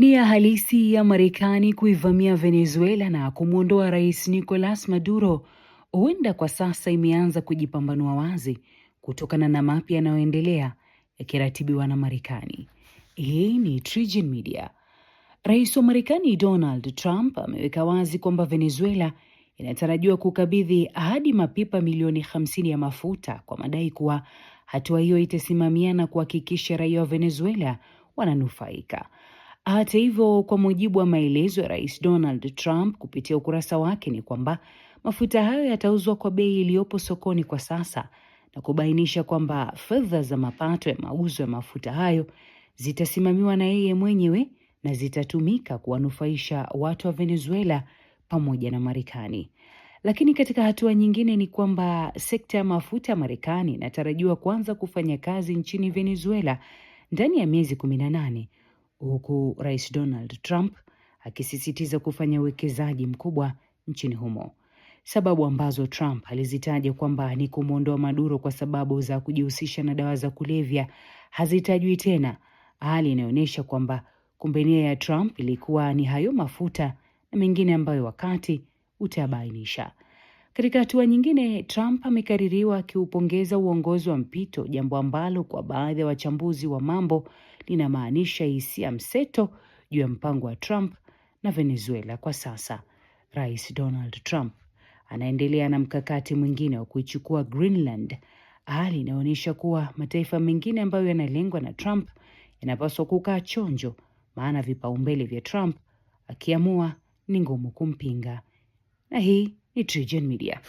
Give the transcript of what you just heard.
Nia halisi ya Marekani kuivamia Venezuela na kumwondoa Rais Nicolas Maduro huenda kwa sasa imeanza kujipambanua wazi kutokana na mapya yanayoendelea yakiratibiwa na Marekani. Hii ni TriGen Media. Rais wa Marekani Donald Trump ameweka wazi kwamba Venezuela inatarajiwa kukabidhi hadi mapipa milioni 50 ya mafuta kwa madai kuwa hatua hiyo itasimamia na kuhakikisha raia wa Venezuela wananufaika. Hata hivyo, kwa mujibu wa maelezo ya Rais Donald Trump kupitia ukurasa wake ni kwamba mafuta hayo yatauzwa kwa bei iliyopo sokoni kwa sasa na kubainisha kwamba fedha za mapato ya mauzo ya mafuta hayo zitasimamiwa na yeye mwenyewe na zitatumika kuwanufaisha watu wa Venezuela pamoja na Marekani. Lakini katika hatua nyingine ni kwamba sekta ya mafuta ya Marekani inatarajiwa kuanza kufanya kazi nchini Venezuela ndani ya miezi nane huku Rais Donald Trump akisisitiza kufanya uwekezaji mkubwa nchini humo, sababu ambazo Trump alizitaja kwamba ni kumwondoa Maduro kwa sababu za kujihusisha na dawa za kulevya hazitajwi tena, hali inayoonyesha kwamba kumbe nia ya Trump ilikuwa ni hayo mafuta na mengine ambayo wakati utabainisha. Katika hatua nyingine, Trump amekaririwa akiupongeza uongozi wa mpito, jambo ambalo kwa baadhi ya wachambuzi wa mambo linamaanisha hisia mseto juu ya mpango wa Trump na Venezuela kwa sasa. Rais Donald Trump anaendelea na mkakati mwingine wa kuichukua Greenland, hali inaonyesha kuwa mataifa mengine ambayo yanalengwa na Trump yanapaswa kukaa chonjo, maana vipaumbele vya Trump akiamua ni ngumu kumpinga. Na hii Nitrogen Media.